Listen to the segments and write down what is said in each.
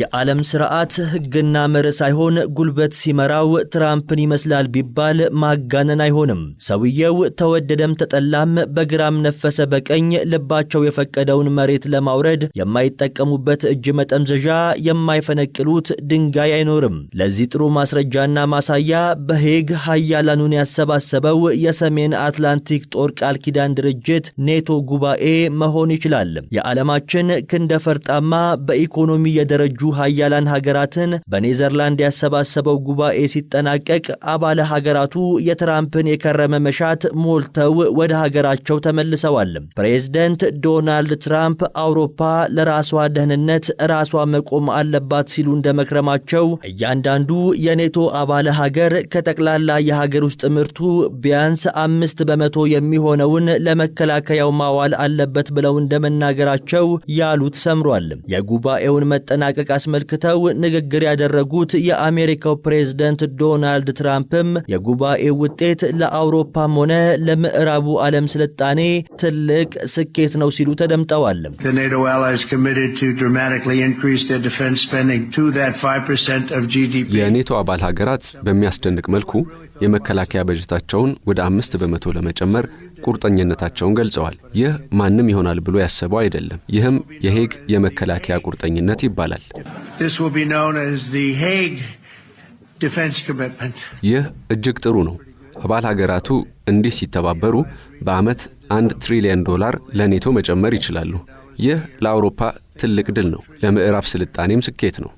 የዓለም ስርዓት ሕግና መርህ ሳይሆን ጉልበት ሲመራው ትራምፕን ይመስላል ቢባል ማጋነን አይሆንም። ሰውየው ተወደደም ተጠላም በግራም ነፈሰ በቀኝ ልባቸው የፈቀደውን መሬት ለማውረድ የማይጠቀሙበት እጅ መጠምዘዣ፣ የማይፈነቅሉት ድንጋይ አይኖርም። ለዚህ ጥሩ ማስረጃና ማሳያ በሄግ ሀያላኑን ያሰባሰበው የሰሜን አትላንቲክ ጦር ቃል ኪዳን ድርጅት ኔቶ ጉባኤ መሆን ይችላል። የዓለማችን ክንደ ፈርጣማ በኢኮኖሚ የደረጁ ሀያላን ሀገራትን በኔዘርላንድ ያሰባሰበው ጉባኤ ሲጠናቀቅ አባለ ሀገራቱ የትራምፕን የከረመ መሻት ሞልተው ወደ ሀገራቸው ተመልሰዋል። ፕሬዝደንት ዶናልድ ትራምፕ አውሮፓ ለራሷ ደህንነት ራሷ መቆም አለባት ሲሉ እንደመክረማቸው እያንዳንዱ የኔቶ አባለ ሀገር ከጠቅላላ የሀገር ውስጥ ምርቱ ቢያንስ አምስት በመቶ የሚሆነውን ለመከላከያው ማዋል አለበት ብለው እንደመናገራቸው ያሉት ሰምሯል። የጉባኤውን መጠናቀቅ አስመልክተው ንግግር ያደረጉት የአሜሪካው ፕሬዝደንት ዶናልድ ትራምፕም የጉባኤ ውጤት ለአውሮፓም ሆነ ለምዕራቡ ዓለም ስልጣኔ ትልቅ ስኬት ነው ሲሉ ተደምጠዋል። የኔቶ አባል ሀገራት በሚያስደንቅ መልኩ የመከላከያ በጀታቸውን ወደ አምስት በመቶ ለመጨመር ቁርጠኝነታቸውን ገልጸዋል። ይህ ማንም ይሆናል ብሎ ያሰበው አይደለም። ይህም የሄግ የመከላከያ ቁርጠኝነት ይባላል። ይህ እጅግ ጥሩ ነው። አባል ሀገራቱ እንዲህ ሲተባበሩ በዓመት አንድ ትሪሊየን ዶላር ለኔቶ መጨመር ይችላሉ። ይህ ለአውሮፓ ትልቅ ድል ነው፣ ለምዕራብ ስልጣኔም ስኬት ነው።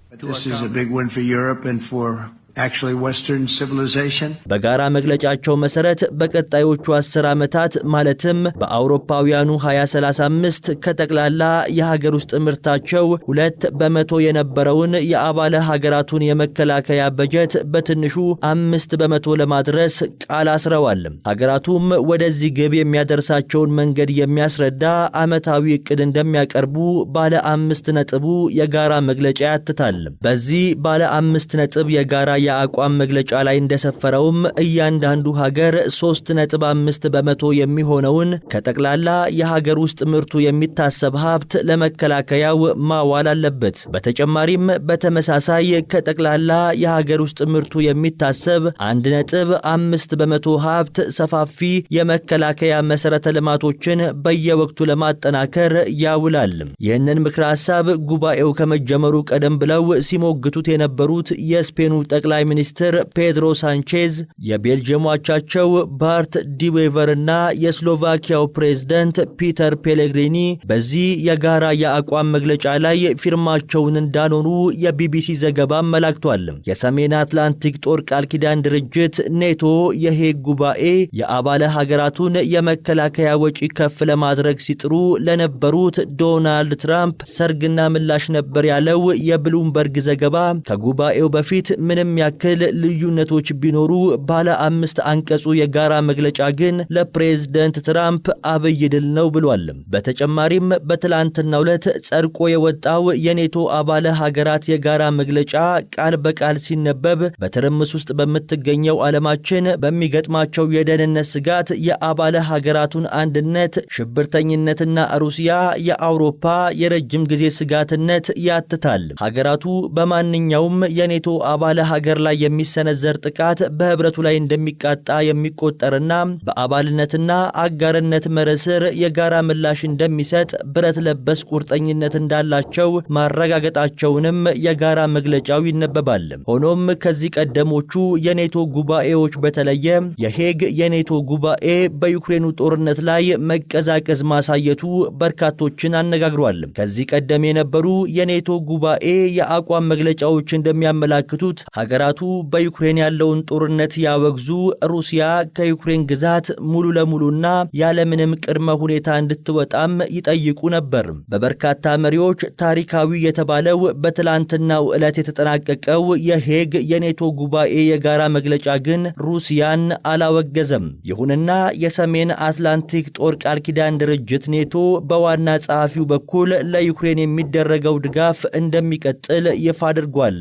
በጋራ መግለጫቸው መሰረት በቀጣዮቹ አስር ዓመታት ማለትም በአውሮፓውያኑ 2035 ከጠቅላላ የሀገር ውስጥ ምርታቸው ሁለት በመቶ የነበረውን የአባለ ሀገራቱን የመከላከያ በጀት በትንሹ አምስት በመቶ ለማድረስ ቃል አስረዋል። ሀገራቱም ወደዚህ ግብ የሚያደርሳቸውን መንገድ የሚያስረዳ ዓመታዊ እቅድ እንደሚያቀርቡ ባለ አምስት ነጥቡ የጋራ መግለጫ ያትታል። በዚህ ባለ አምስት ነጥብ የጋራ የአቋም መግለጫ ላይ እንደሰፈረውም እያንዳንዱ ሀገር 3.5 በመቶ የሚሆነውን ከጠቅላላ የሀገር ውስጥ ምርቱ የሚታሰብ ሀብት ለመከላከያው ማዋል አለበት። በተጨማሪም በተመሳሳይ ከጠቅላላ የሀገር ውስጥ ምርቱ የሚታሰብ 1.5 በመቶ ሀብት ሰፋፊ የመከላከያ መሰረተ ልማቶችን በየወቅቱ ለማጠናከር ያውላል። ይህንን ምክረ ሀሳብ ጉባኤው ከመጀመሩ ቀደም ብለው ሲሞግቱት የነበሩት የስፔኑ ጠቅላ ጠቅላይ ሚኒስትር ፔድሮ ሳንቼዝ፣ የቤልጅየሙ አቻቸው ባርት ዲዌቨር እና የስሎቫኪያው ፕሬዝደንት ፒተር ፔሌግሪኒ በዚህ የጋራ የአቋም መግለጫ ላይ ፊርማቸውን እንዳኖሩ የቢቢሲ ዘገባ አመላክቷል። የሰሜን አትላንቲክ ጦር ቃል ኪዳን ድርጅት ኔቶ የሄግ ጉባኤ የአባለ ሀገራቱን የመከላከያ ወጪ ከፍ ለማድረግ ሲጥሩ ለነበሩት ዶናልድ ትራምፕ ሰርግና ምላሽ ነበር ያለው የብሉምበርግ ዘገባ ከጉባኤው በፊት ምንም ያክል ልዩነቶች ቢኖሩ ባለ አምስት አንቀጹ የጋራ መግለጫ ግን ለፕሬዝደንት ትራምፕ አብይ ድል ነው ብሏል። በተጨማሪም በትላንትናው ዕለት ጸድቆ የወጣው የኔቶ አባለ ሀገራት የጋራ መግለጫ ቃል በቃል ሲነበብ በትርምስ ውስጥ በምትገኘው ዓለማችን በሚገጥማቸው የደህንነት ስጋት የአባለ ሀገራቱን አንድነት፣ ሽብርተኝነትና ሩሲያ የአውሮፓ የረጅም ጊዜ ስጋትነት ያትታል። ሀገራቱ በማንኛውም የኔቶ አባለ ሀገ ሀገር ላይ የሚሰነዘር ጥቃት በህብረቱ ላይ እንደሚቃጣ የሚቆጠርና በአባልነትና አጋርነት መረስር የጋራ ምላሽ እንደሚሰጥ ብረት ለበስ ቁርጠኝነት እንዳላቸው ማረጋገጣቸውንም የጋራ መግለጫው ይነበባል። ሆኖም ከዚህ ቀደሞቹ የኔቶ ጉባኤዎች በተለየ የሄግ የኔቶ ጉባኤ በዩክሬኑ ጦርነት ላይ መቀዛቀዝ ማሳየቱ በርካቶችን አነጋግሯል። ከዚህ ቀደም የነበሩ የኔቶ ጉባኤ የአቋም መግለጫዎች እንደሚያመላክቱት ሀገራ ሀገራቱ በዩክሬን ያለውን ጦርነት ያወግዙ፣ ሩሲያ ከዩክሬን ግዛት ሙሉ ለሙሉና ያለምንም ቅድመ ሁኔታ እንድትወጣም ይጠይቁ ነበር። በበርካታ መሪዎች ታሪካዊ የተባለው በትላንትናው ዕለት የተጠናቀቀው የሄግ የኔቶ ጉባኤ የጋራ መግለጫ ግን ሩሲያን አላወገዘም። ይሁንና የሰሜን አትላንቲክ ጦር ቃል ኪዳን ድርጅት ኔቶ በዋና ጸሐፊው በኩል ለዩክሬን የሚደረገው ድጋፍ እንደሚቀጥል ይፋ አድርጓል።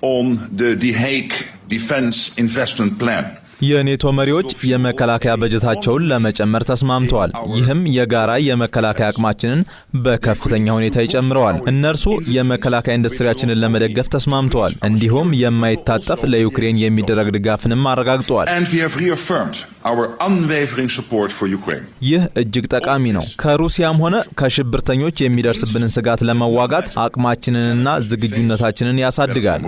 on the The Hague Defence Investment Plan. የኔቶ መሪዎች የመከላከያ በጀታቸውን ለመጨመር ተስማምተዋል። ይህም የጋራ የመከላከያ አቅማችንን በከፍተኛ ሁኔታ ይጨምረዋል። እነርሱ የመከላከያ ኢንዱስትሪያችንን ለመደገፍ ተስማምተዋል። እንዲሁም የማይታጠፍ ለዩክሬን የሚደረግ ድጋፍንም አረጋግጠዋል። ይህ እጅግ ጠቃሚ ነው። ከሩሲያም ሆነ ከሽብርተኞች የሚደርስብንን ስጋት ለመዋጋት አቅማችንንና ዝግጁነታችንን ያሳድጋል።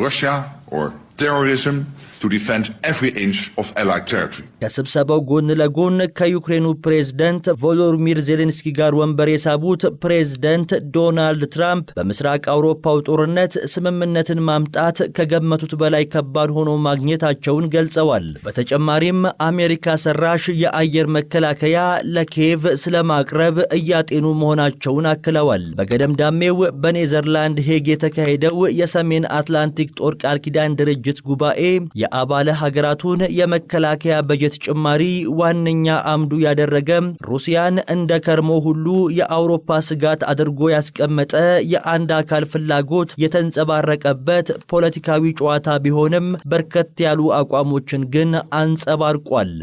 ከስብሰባው ጎን ለጎን ከዩክሬኑ ፕሬዝደንት ቮሎዲሚር ዜሌንስኪ ጋር ወንበር የሳቡት ፕሬዝደንት ዶናልድ ትራምፕ በምስራቅ አውሮፓው ጦርነት ስምምነትን ማምጣት ከገመቱት በላይ ከባድ ሆኖ ማግኘታቸውን ገልጸዋል። በተጨማሪም አሜሪካ ሰራሽ የአየር መከላከያ ለኬቭ ስለማቅረብ እያጤኑ መሆናቸውን አክለዋል። በገደምዳሜው በኔዘርላንድ ሄግ የተካሄደው የሰሜን አትላንቲክ ጦር ቃል ኪዳን ድርጅት ጉባኤ የአባለ ሀገራቱን የመከላከያ በጀት ጭማሪ ዋነኛ አምዱ ያደረገ ሩሲያን እንደ ከርሞ ሁሉ የአውሮፓ ስጋት አድርጎ ያስቀመጠ የአንድ አካል ፍላጎት የተንጸባረቀበት ፖለቲካዊ ጨዋታ ቢሆንም በርከት ያሉ አቋሞችን ግን አንጸባርቋል።